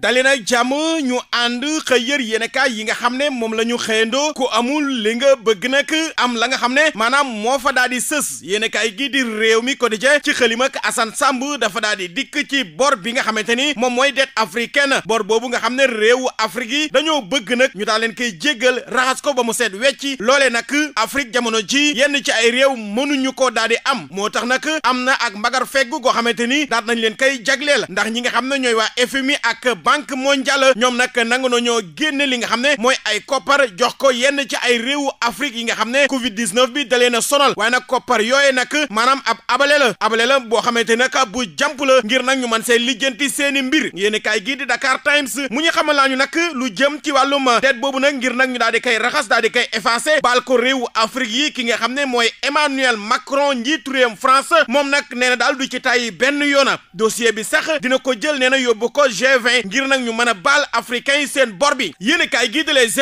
dali nag jàmm ñu ànd xëy yër yéenekaay yi nga xam ne moom la ñu xëyandoo ku amul li nga bëgg nag am la nga xam ne maanaam moo fa daal sës yéenekaay gi di réew mi ko quotidien ci xëlim ak Assane Samb dafa daal di dikk ci bor bi nga xamante ni moom mooy dette africaine boor boobu nga xam ne réewu Afrique yi dañoo bëgg nag ñu daal leen koy jéggal raxas ko ba mu seet wecc loolee nag Afrique jamono ji yenn ci ay réew mënuñu ko daal di am moo tax nag am na ak mbagar fegg goo xamante ni daal nañ leen koy jagleel ndax ñi nga xam ne ñooy waa FMI ak banque mondiale ñoom nag nangu na ñoo génne li nga xam ne mooy ay koppar jox ko yenn ci ay réew Afrique yi nga xam ne Covid 19 bi dalee na sonal waaye nag koppar yooyu nag maanaam ab abale la abale la boo xamante nag bu jàmp la ngir nag ñu man see lijjanti seeni mbir yéen kaay gii di Dakar Times mu ñu xamal ñu nag lu jëm ci wàllum dette boobu nag ngir nag ñu daal di koy raxas daal di koy effacé baal ko réewu Afrique yi ki nga xam ne mooy Emmanuel Macron njiitu réewum France moom nag nee na daal du ci tàyyi benn yoona dossier bi sax dina ko jël nee na yóbbu ngir nag ñu mën a baal africains yi seen bor bi yéen a kaay gii de Les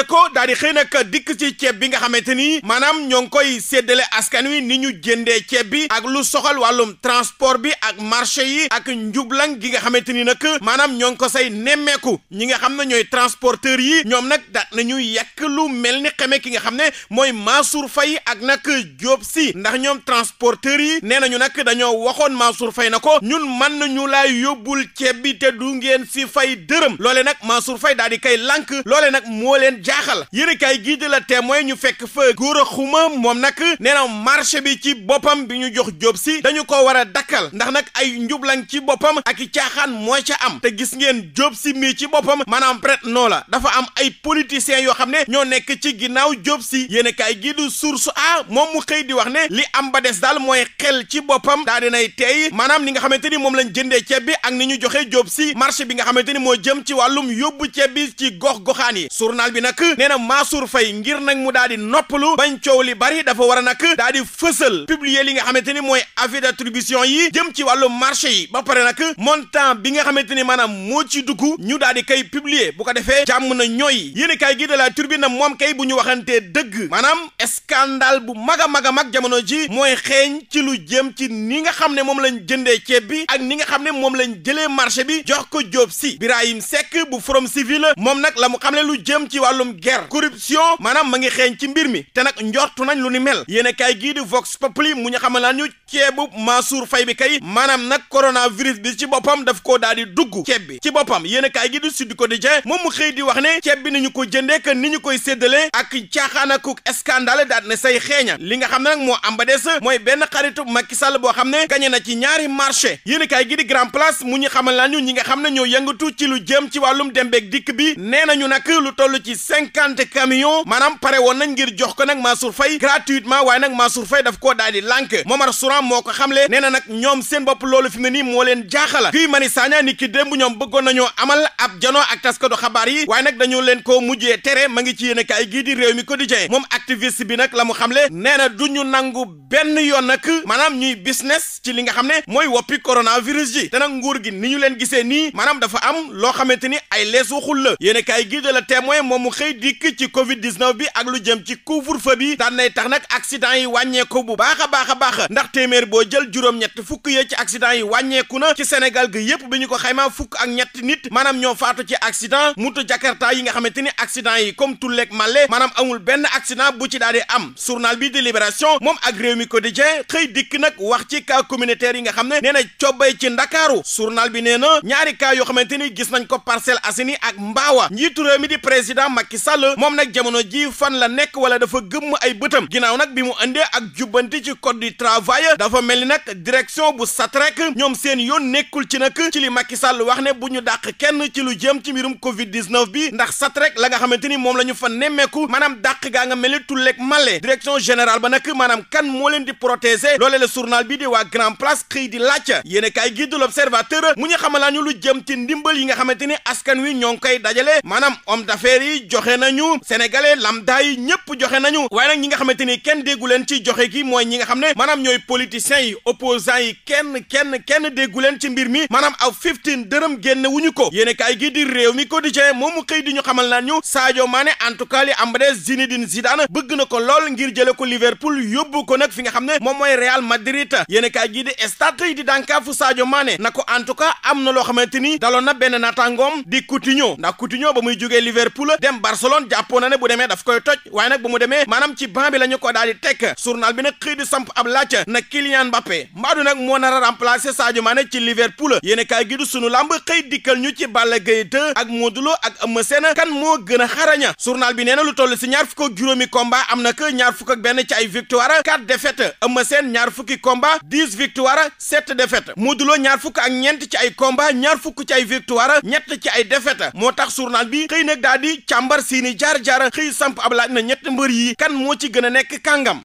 xëy nag dikk ci ceeb bi nga xamante ni maanaam ñoo ngi koy séddale askan wi ni ñu jëndee ceeb bi ak lu soxal wàllum transport bi ak marché yi ak njublang gi nga xamante ni nag maanaam ñoo ngi ko say nemmeeku ñi nga xam ne ñooy transporteurs yi ñoom nag na nañu yàq lu mel ni xeme ki nga xam ne mooy Mansour fay ak nag Diop si ndax ñoom transporteurs yi nee nañu nag dañoo waxoon Mansour Faye na ko ñun mën nañu laa yóbbul ceeb bi te du ngeen si fay dërëm loole nag Mansour Faye daal di kay lànk loole nag moo leen jaaxal yéen kay gii di la mooy ñu fekk fa góor a xuma moom nag nee na marché bi ci boppam bi ñu jox Diop si dañu ko war a dakkal ndax nag ay njublang ci boppam ak i caaxaan moo ca am te gis ngeen jóob si mii ci boppam maanaam prête noo la dafa am ay politiciens yoo xam ne ñoo nekk ci ginnaaw jóob si yéen kay gii di source a moom mu xëy di wax ne li am ba des daal mooy xel ci boppa daa dinay tey maanaam li nga xamante ni moom lañ jëndee ceeb bi ak ni ñu joxe Diop Sy marché bi nga xamante ni moo jëm ci wàllum yóbbu ceeb bi ci gox-goxaan yi journal bi nag nee na Mansour Faye ngir nag mu daal di noppalu bañ coow li bari dafa war a nag daal di fësal publier li nga xamante ni mooy avis d'attribution yi jëm ci wàllum marché yi ba pare nag montant bi nga xamante ni maanaam moo ci dugg ñu daal di kay publier bu ko defee jàmm na ñooy yéen kay gi de la turbine na moom kay bu ñu waxantee dëgg maanaam scandale bu mag a mag a mag jamono ji mooy xeeñ ci lu jëm ci ni nga xam ne moom lañ jëndee ceeb bi ak ni nga xam ne moom lañ jëlee marché bi jox ko jóob si Birahim Seck bu Forum Civil moom nag la mu xamle lu jëm ci wàllum guerre corruption maanaam ma ngi xeeñ ci mbir mi te nag njortu nañ lu ni mel yéen kaay gii di Vox Populi mu ñu xamal ñu ceebu Mansour Faye bi kay maanaam nag coronavirus bi ci boppam daf koo daal dugg ceeb bi ci boppam yéen kaay gii di Sud Quotidien moom mu xëy di wax ne ceeb bi ni ñu ko jëndee que ni ñu koy séddalee ak caaxaan ak scandale daal ne say xeeña li nga xam ne nag moo am ba des mooy benn xaritu Macky Sall boo xam ne gañe na ñaari marché yéen kaay gii di xam ne lu jëm ci wàllum dem beeg dikk bi nee ñu nag lu toll ci cinquante camions maanaam pare woon nañ ngir jox ko nag Mansour Faye gratuitement waaye nag Mansour Faye daf koo daal di lànk Momar Souran moo ko xamle nee na nag ñoom seen bopp loolu fi mu ne moo leen jaaxala Guy Marius Sagna ni ki ñoom bëggoon nañoo amal ab janoo ak taskatu xabaar yi waaye nag dañu leen koo e tere ma ngi ci yéen kaay gii réew mi quotidien moom activiste nag la mu xamle nee na du ñu nangu benn yoon nag maanaam ñuy business ci li nga xam ne mooy woppi coronavirus ji te nag gi ni ñu leen gisee nii maanaam dafa am loo xamante ni ay lees waxul la yéen a kaay la témoin moom mu xëy dikk ci covid bi ak lu jëm ci couvre-feu bi daan nay tax nag accident yi wàññeeku bu baax a baax a baax ndax téeméer boo jël juróom-ñett fukk ya ci accident yi wàññeeku na ci Sénégal gi yépp bi ñu ko xaymaa fukk ak ñett nit maanaam ñoo faatu ci accident moto Jakarta yi nga xamante ni accident yi comme tulleeg màlle maanaam amul benn accident bu ci daal di am journal bi de Libération moom ak Rewmi Quotidien xëy dikk nag wax ci communautaire yi nga xam ne nee na cobbay ci Ndakaaru journal bi nee na ñaari cas yoo xamante ni gis gis nañ ko parcelle Assainies ak Mbaawa njiitu réew mi di président Macky Sall moom nag jamono ji fan la nekk wala dafa gëmm ay bëtam ginnaaw nag bi mu indee ak jubbanti ci code du travail dafa mel ni nag direction bu SATREC ñoom seen yoon nekkul ci nag ci li Macky Sall wax ne bu ñu dàq kenn ci lu jëm ci mbirum Covid 19 bi ndax SATREC la nga xamante ni moom la ñu fa nemmeeku maanaam dàq gaa nga mel ni tulleeg male direction générale ba nag maanaam kan moo leen di protéger loolee la bi di waa Grand Place xëy di laaj yéen a kaay gi du l'Observateur mu ñu ñu lu jëm ci ndimbal yi nga xamante ni askan wi ñoo ngi koy dajale maanaam om d'affaires yi joxe nañu sénégalais lambda yi ñëpp joxe na ñu waaye nag ñi nga xamante ni kenn déggu leen ci joxe gi mooy ñi nga xam ne maanaam ñooy politiciens yi opposants yi kenn kenn kenn déggu leen ci mbir mi maanaam aw 15 dërëm génn wuñu ko yéen kaay gi di réew mi quotidien moomu xëy di ñu xamal naan ñu Sadio Mané en tout cas li am ba des Zinedine Zidane bëgg na ko lool ngir jële ko Liverpool yóbbu ko nag fi nga xam ne moom mooy Real Madrid yéen kaay gi di stade di dànkaafu Sadio Mané na en tout cas am na loo xamante ni daloon na benn naataangoom di Coutinho ndax Coutinho ba muy jógee Liverpool dem Barcelone jàppoon na ne bu demee daf koy toj waaye nag bu mu demee maanaam ci banc bi la ñu ko daal di tekk journal bi nag xëy di samp ab laaj na Kylian Mbappé mbaadu nag moo nar a remplacer Sadio Mané ci Liverpool yéen a kaay gi du sunu làmb xëy dikkal ñu ci Balla Gaye 2 ak Modou Lo ak Eumeu kan moo gën a xaraña journal bi nee na lu toll si ñaar fukk ak juróomi combat am na que ñaar fukk ak benn ci ay victoire quatre défaites Eumeu Sène ñaar fukki combat dix victoire sept défaites Modou fukk ak ñeent ci ay combat ñaar fukk ci ay victoire ñett ci ay defeta moo tax journal bi xëy nag daal di càmbar seeni jaar-jaara xëy samp ab laaj na ñetti mbër yi kan moo ci gën a nekk kàngam